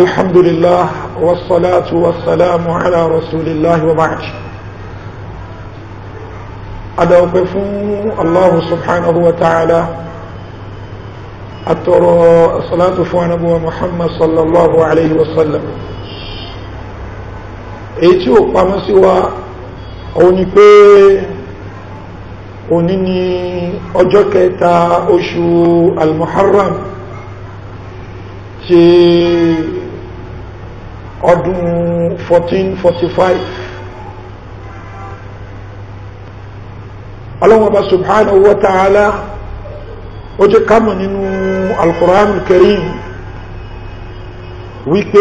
الحمد لله والصلاة والسلام على رسول الله وبعد أدوقف الله سبحانه وتعالى أترى الصلاة فوانبو محمد صلى الله عليه وسلم èyí ò pamọ́ sí wa òun ni pé òní ọdún 1445 ọlọ́wọ́n bá subhanahu wa ta'ala ó jẹ́ kámọ̀ nínú alkùránù karim wípé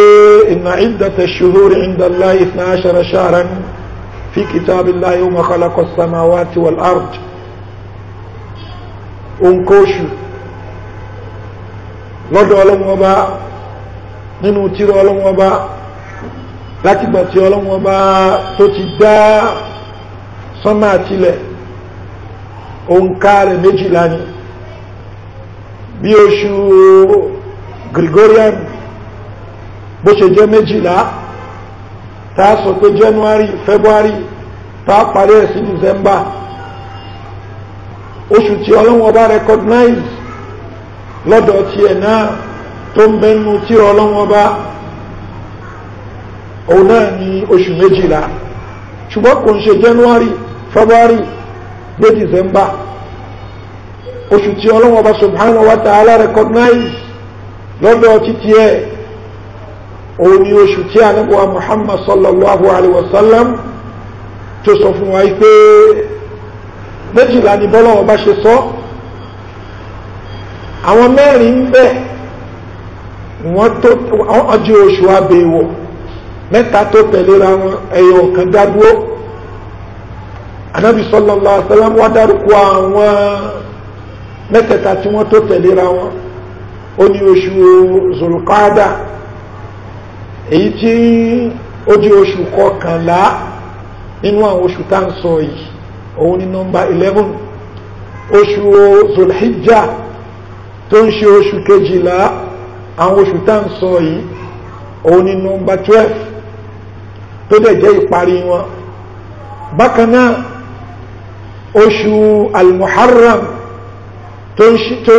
iná ìdàtà ṣuhúrì ìdàlá ìfẹ́ aṣára ṣára fi kìtàbílá yóò makalakọ̀ samawa ti wal'ard oǹkóṣù lọ́dọ̀ ọlọ́wọ́n bá nínú tíró ọlọ́wọ́n látìgbà tí ọlọ́run ọba tó ti dá sánmà àtilẹ̀ òǹkà rẹ̀ méjìlá ni bí oṣù Gregorian bó ṣe jẹ́ méjìlá tá sọ pé January February tá a parí ẹ̀ sí December oṣù tí ọlọ́run ọba recognize lọ́dọ̀ tiẹ̀ náà tó ń bẹnu tí ọlọ́run ọba òun náà ní oṣù méjìlá ṣùgbọ́n kò ń ṣe january february dé december oṣù tí ọlọ́wọ́ bá subhanahu wa ta'ala recognize lọ́dọ̀ títí ẹ̀ òun ni oṣù tí a nígbà muhammad sallallahu alaihi wasallam tó sọ fún wa pé méjìlá ni bọ́lọ́wọ́ bá ṣe sọ àwọn mẹ́rin ń bẹ̀ wọ́n tó ọjọ́ oṣù abẹ́wọ̀ mẹ́ta tó tẹ̀léra wọn ẹ̀yọ̀ ọ̀kan dádúró anábì sallallahu alaihi wasallam wá dárúkọ àwọn mẹ́tẹ̀ẹ̀ta tí wọ́n tó tẹ̀léra wọn ó ní oṣù zulqada èyí tí ó di oṣù kọkànlá nínú àwọn oṣù tá ń sọ yìí òun ni nọmba 11 oṣù zulhijjah tó ń ṣe oṣù kejìlá àwọn oṣù tá ń sọ yìí òun ni nọmba 12 tó dẹ̀ jẹ́ ìparí wọn bákan náà oṣù al-muharram tó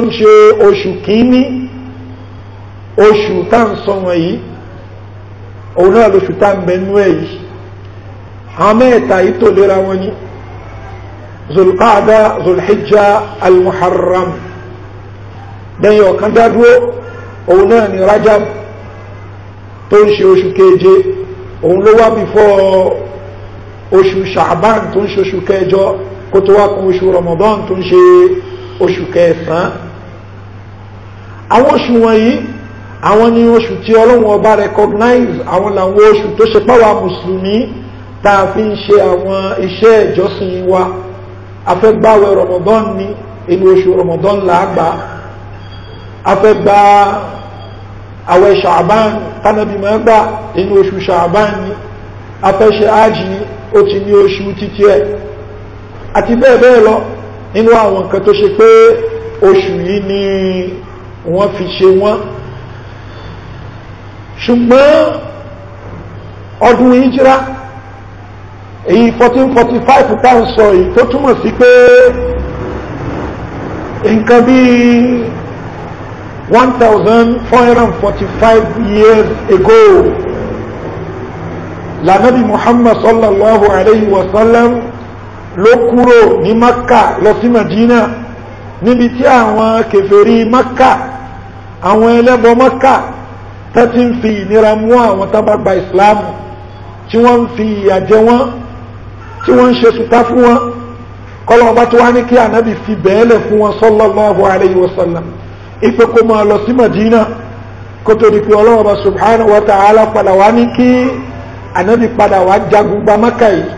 ń ṣe oṣù kìíní oṣù tá ń sọ wọ̀nyí òun náà lóṣù tá ń bẹnú ẹ̀ yìí àwọn mẹ́ẹ̀ta yìí tó lera wọn ni zulqaada zulhijja al-muharram lẹ́yìn ọ̀kan dádúró òun náà ni rajab tó ń ṣe oṣù keje òun ló wá bífọ́ oṣù ṣàbán tó ń ṣe oṣù kẹjọ kó tó wá kún oṣù Ramadan tó ń ṣe oṣù kẹsàn-án àwọn oṣù wọ̀nyí àwọn ni oṣù tí ọlọ́run ọba recognize àwọn làwọn oṣù tó ṣe páwa mùsùlùmí tá a fi ń ṣe àwọn iṣẹ́ ìjọsìn wa afẹ́gbàwẹ̀ Ramadan ni inú oṣù Ramadan là afẹ́gbàá àwẹ̀ ṣàbán kánábì máa gbà inú oṣù ṣàbán ni afẹ́ṣe ájì ni ó ti ní oṣù títí ẹ̀ àti bẹ́ẹ̀ bẹ́ẹ̀ lọ nínú àwọn nǹkan tó ṣe pé oṣù yìí ni wọ́n fi ṣe wọ́n ṣùgbọ́n ọdún ìjírá èyí 1445 tá ń sọ èyí tó túmọ̀ sí pé nǹkan bíi 1445 years ago la Nabi muhammad sallallahu alayhi wa sallam ló kúrò ní makka lọ sí madina níbi tí àwọn kèfèrí makka àwọn ẹlẹ́bọ makka tó ń fi ìnira mú àwọn tábàgbà islam tí wọ́n ń fi ìyà jẹ wọ́n tí wọ́n ń ṣe sùtá fún wọn kọ́lọ̀ ọba tó wá ní kí ànábì fi bẹ́ẹ̀lẹ̀ fún wọn sallallahu alayhi wa sallam ipe kó máa lọ sí Madina kó tó di pé ọlọ́wọ́ subhanahu wa ta'ala padà wá ní kí ànábì padà wá jagun gba Mákà yìí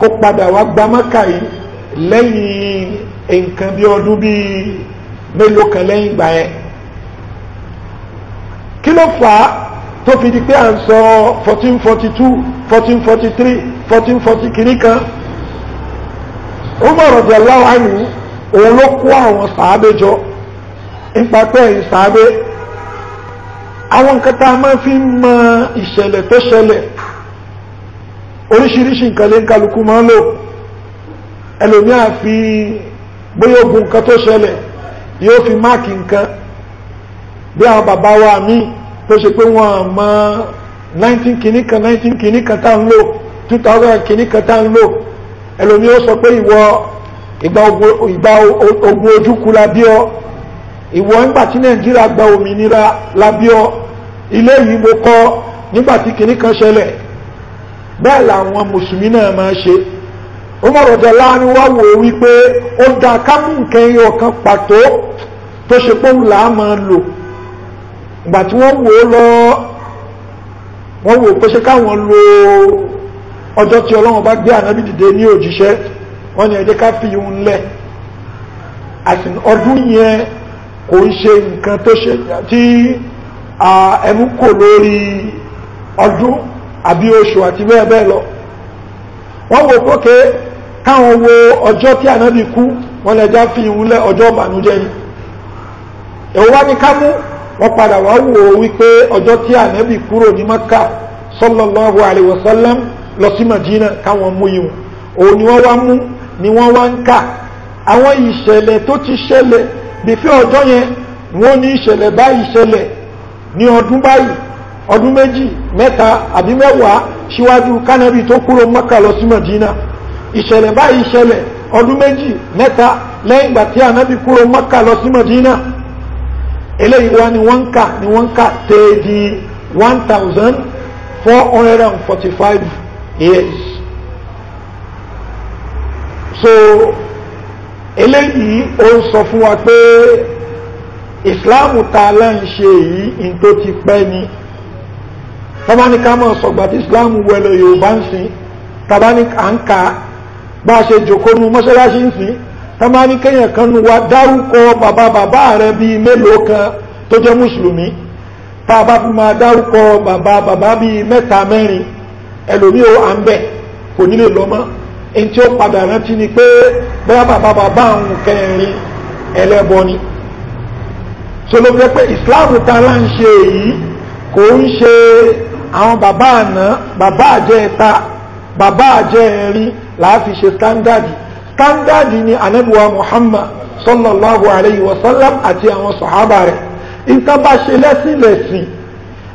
kó padà wá gba Mákà yìí lẹ́yìn nǹkan bí ọdún bíi mélòó kan lẹ́yìn ìgbà yẹn kí ló fà á tó fi di pé à ń sọ fourteen forty two fourteen forty three fourteen forty kìíní kan Umar radiyallahu anhu òun ló kó àwọn sàábẹ́jọ́ nípa pé ẹ̀yìn sáré àwọn nǹkan tá a fi ń mọ to tó ṣẹlẹ̀ oríṣiríṣi nǹkan lé ń kálukú máa ń lò ẹlòmíà fi bóyá ogun nǹkan tó ṣẹlẹ̀ yóò fi máàkì nkan bí àwọn bàbá wa míì tó ṣe pé wọ́n 19 kini kan 19 kìíní kan tá ń lò 2000 kìíní kan ta ń lò ẹlòmíà ó sọ pe ìwọ igba ogun ojú kú la bí ìwọ ńgbà tí nàìjíríà gba òmìnira lábíọ́ ilé yìí mo kọ́ nígbà tí kìnní kan ṣẹlẹ̀ bẹ́ẹ̀ làwọn mùsùlùmí náà máa ṣe ó mọ̀rọ̀ jẹ́ láàrin wá wò wípé ó da kámú nǹkan ẹyọ kan pàtó tó ṣe pọ́ùn làá máa lò ìgbà tí wò ó lọ wọ́n wò pé ṣe káwọn lo ọjọ́ tí ọlọ́run bá gbé ànábì dìde ní òjíṣẹ́ wọ́n ní ẹ ká fi ìhun lẹ̀ àti ọdún yẹn kò ń ṣe nǹkan tó ṣe tí ẹnu kò lórí ọdún àbí oṣù àti bẹ́ẹ̀ bẹ́ẹ̀ lọ wọ́n wò kókè káwọn wo ọjọ́ tí ànábì kú wọ́n lẹ́já fi ìwúlẹ̀ ọjọ́ ìbànújẹ́ ni èwo wá ní ká mú wọ́n padà wá wò ó wípé ọjọ́ tí ànábì kúrò ní maka sallallahu alaihi wasallam lọ sí madina káwọn mú yìí òun ni wọ́n wá mú ni wọ́n wá ń kà àwọn ìṣẹ̀lẹ̀ tó ti ṣẹlẹ̀ dèfé ọjọ́ yẹn wọ́n ní ìṣẹ̀lẹ̀ báyìí ṣẹlẹ̀ ní ọdún báyìí ọdún méjì mẹ́ta àbí mẹ́wàá síwájú kánábì tó kúrò mọ́kà lọ sí mọ̀dínà ìṣẹ̀lẹ̀ báyìí ṣẹlẹ̀ ọdún méjì mẹ́ta lẹ́yìn ìgbà tí ànábì kúrò mọ́kà ni wọ́n ni wọ́n di one years so eléyìí ó ń sọ fún wa pé ìsìláàmù ta lá ń ṣe èyí in tó ti pẹ́ ni tàbáníká mọ̀ sọ̀gbà tí ìsìláàmù wẹ̀lẹ̀ yorùbá ń sin tàbáníká ń ka bá a ṣe jòkónú mọ́ṣáláṣí ń sin tàbáníkéyàn kan nu wa dárúkọ bàbá bàbá rẹ bíi mélòó kan tó jẹ́ mùsùlùmí tá a bá fi máa dárúkọ bàbá bàbá bíi mẹ́ta mẹ́rin ẹlòmíì à ń bẹ̀ kò nílè lọ́mọ́ ẹni tí ó padà rántí ni pé bóyá bàbá bàbá kẹrin ẹlẹ́bọ ni so ló fẹ́ pé islam tara ń ṣe èyí kò ń ṣe àwọn bàbá àná bàbá àjẹ́ ẹ̀ta bàbá àjẹ́ ẹ̀rin láàfi ṣe standardi standardi ni anabuwa muhammad sallallahu alayhi wa sallam àti àwọn sọ̀hábà rẹ̀ ìta bá ṣe lẹ́sìn lẹ́sìn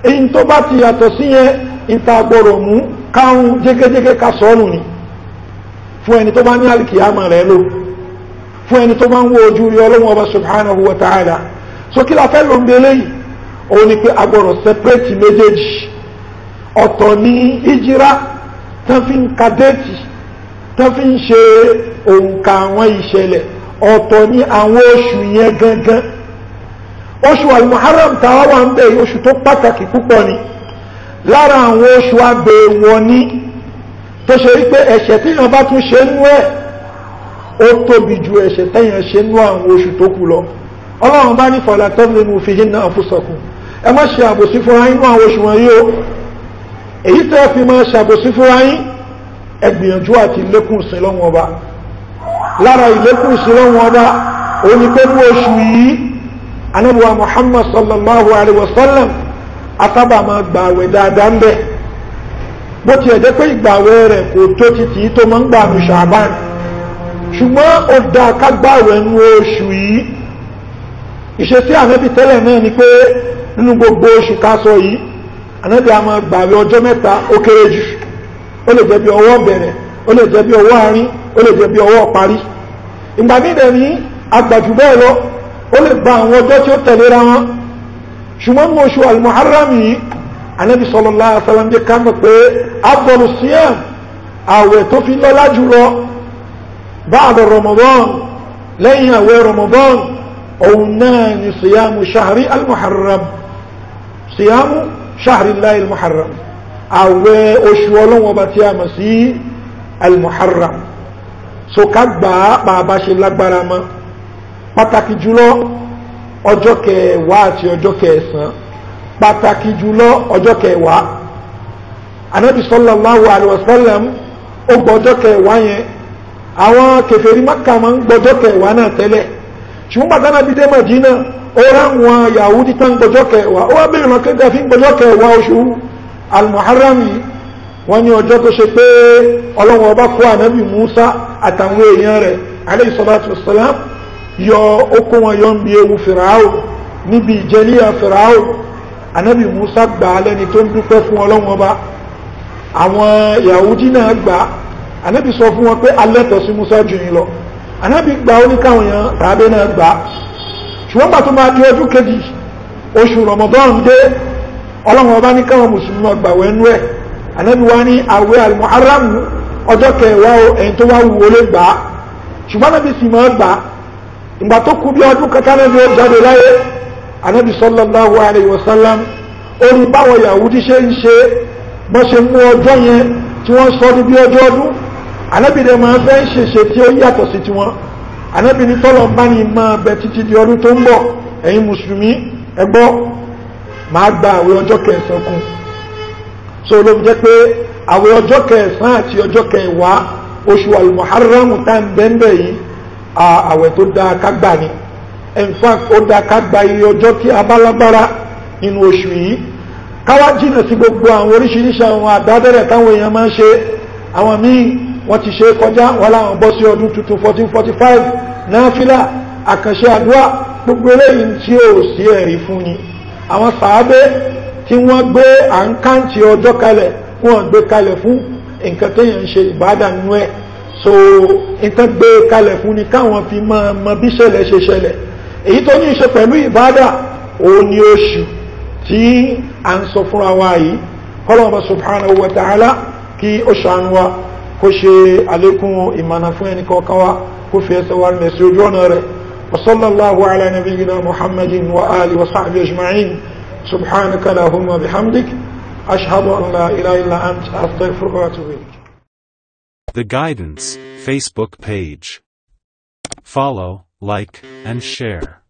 èyí tó bá ti yàtọ̀ sí yẹn ìta gbọ́rọ̀ mú káwọn jẹ́gẹ́jẹ́gẹ́ ká sọ́nù ni fún ẹni tó bá ní alìkìyàmọ̀ rẹ̀ lò fún ẹni tó bá ń wo ojú rí ọlọ́run ọba subhanahu wa ta'ala so kí la fẹ́ ló ń belé yìí òun ni pé a gbọ́dọ̀ sẹpẹ́rẹ́tì méjèèjì ọ̀tọ̀ ní ìjírá tán fi ń ka déètì tán fi ń ṣe òǹkà àwọn ìṣẹ̀lẹ̀ ọ̀tọ̀ ní àwọn oṣù yẹn gangan oṣù al-muharram tàwa oṣù tó pàtàkì púpọ̀ ni lára àwọn oṣù abẹ́ wọn ní tó ṣe wípé ẹ̀ṣẹ̀ téèyàn bá tún ṣe nú ẹ̀ ó tóbi ju ẹ̀ṣẹ̀ téèyàn ṣe nú àwọn oṣù tó kù lọ ọlọ́run bá ní fàlà tọ́bìlìmù fi hínà àfúsọ̀kùn ẹ má ṣe àbòsí fúnra yín nú àwọn oṣù wọn yóò èyí tẹ́ fi máa ṣàbòsí fúnra yín ẹ gbìyànjú àti lékún sí lọ́wọ́n ọba lára ìlékún sí lọ́wọ́n ọba òun ni pé ní oṣù yìí anábùwà Muhammad sallallahu alaihi wasallam atábà máa gbààwẹ̀ dáadáa ń bẹ́ẹ̀ bó tiẹ̀ jẹ́ pé ìgbàwẹ̀ rẹ̀ kò tó ti tì í tó máa ń gbà ní ṣàbán ṣùgbọ́n ó dáa ká gbàwẹ̀ nu oṣù yìí ìṣesí ànábì tẹ́lẹ̀ náà ni pé nínú gbogbo oṣù ká sọ yìí ànábì a máa gbàwẹ̀ ọjọ́ mẹ́ta ó kéré jù ó lè jẹ́ bí ọwọ́ bẹ̀rẹ̀ ó lè jẹ́ bí ọwọ́ àárín ó lè jẹ́ bí ọwọ́ parí ìgbà míì dẹ̀ ní agbàjù bẹ́ẹ̀ lọ ó lè gba àwọn ọjọ́ tí ó tẹ̀léra wọn ṣùgbọ́n mo oṣù al anabi sallallahu alaihi wasallam jẹ́ ká mọ̀ pé afdalu siyam àwẹ̀ tó fi lọ́lá jùlọ ba'da ramadan lẹ́yìn àwẹ̀ ramadan òun náà ni siyamu shahri al-muharram siyamu shahri llahi al-muharram àwẹ̀ oṣù ọlọ́wọ́ bá tí a mọ̀ sí al so ká gbà á bàbá ṣe lágbára mọ́ pàtàkì jùlọ ọjọ́ kẹwàá àti ọjọ́ kẹsàn-án pàtàkì jùlọ ọjọ́ kẹwàá anábì sallallahu alaihi wasallam ó gbọ́jọ́ kẹwàá yẹn àwọn kèfèrí Mákà máa ń gbọ́jọ́ kẹwàá náà tẹ́lẹ̀ ṣùgbọ́n bàtánà bí dé Mádínà ó ráwọn Yahudi tán gbọ́jọ́ kẹwàá ó wá bèèrè lọ níbi ìjẹlíyà Fìràáwò anabi musa gbà á lẹ́ni tó ń dúpẹ́ fún ọlọ́run ọba àwọn yahudi náà gbà á anabi sọ fún wọn pé alẹ́tọ̀ sí musa jù yín lọ anabi gbà ó ní káwọn èèyàn ràbẹ́ náà gbà á ṣùgbọ́n bàtú máa di ọdún kejì oṣù rọmọdọ́n dé ọlọ́run ọba ní káwọn mùsùlùmí ọgbà wẹ́nú ẹ̀ anabi wá ní àwẹ̀ almuharram ọjọ́ kẹwàá ẹ̀yìn tó wá wù ó lè gbà á ṣùgbọ́n anabi sì máa gbà ìgbà tó kú bí ọdún kẹta náà ni ó jáde láyé anabi sallallahu alayhi wa sallam ó ní báwọn yahudi ṣe ń ṣe bọ́n ṣe mú ọjọ́ yẹn tí wọ́n sọ ní bí ọjọ́ ọdún anabi dẹ̀ máa fẹ́ ń ṣèṣe tí ó yàtọ̀ sí tiwọn anabi ní tọ́lọ̀ bá ní máa bẹ títí di ọdún tó ń bọ̀ ẹ̀yin mùsùlùmí ẹ gbọ́ máa gba àwẹ̀ ọjọ́ kẹsàn-án kún so ló jẹ́ pé àwẹ̀ ọjọ́ kẹsàn-án àti ọjọ́ kẹwàá oṣù al-muharram tá ń bẹ́ńbẹ́ yìí àwẹ̀ tó dáa ká gbà ni in fact ó dá ká gba iye ọjọ́ tí a bá lágbára nínú oṣù yìí káwá jìnà sí gbogbo àwọn oríṣiríṣi àwọn àdádẹ́rẹ̀ táwọn èèyàn máa ń ṣe àwọn míì wọ́n ti ṣe kọjá wọ́n láwọn bọ́ sí ọdún tuntun 1445 náfílà àkànṣe àdúrà gbogbo eléyìí tí ó sí ẹ̀rí fún ni àwọn sàábé tí wọ́n gbé àǹkáǹtì ọjọ́ kalẹ̀ wọ́n gbé kalẹ̀ fún nǹkan téèyàn ń ṣe ìbádà ẹ̀ so nǹkan gbé kalẹ̀ fún ni káwọn fi mọ bí ṣẹlẹ̀ ṣe ṣẹlẹ̀ èyí tó ní ṣe pẹ̀lú ìbádà òun ni pelu tí a ń sọ yìí ta'ala kí wa kó ṣe àlékún fún ẹni wa kó fi ẹsẹ̀ wa ojú ọ̀nà rẹ̀ The Guidance Facebook page Follow like, and share.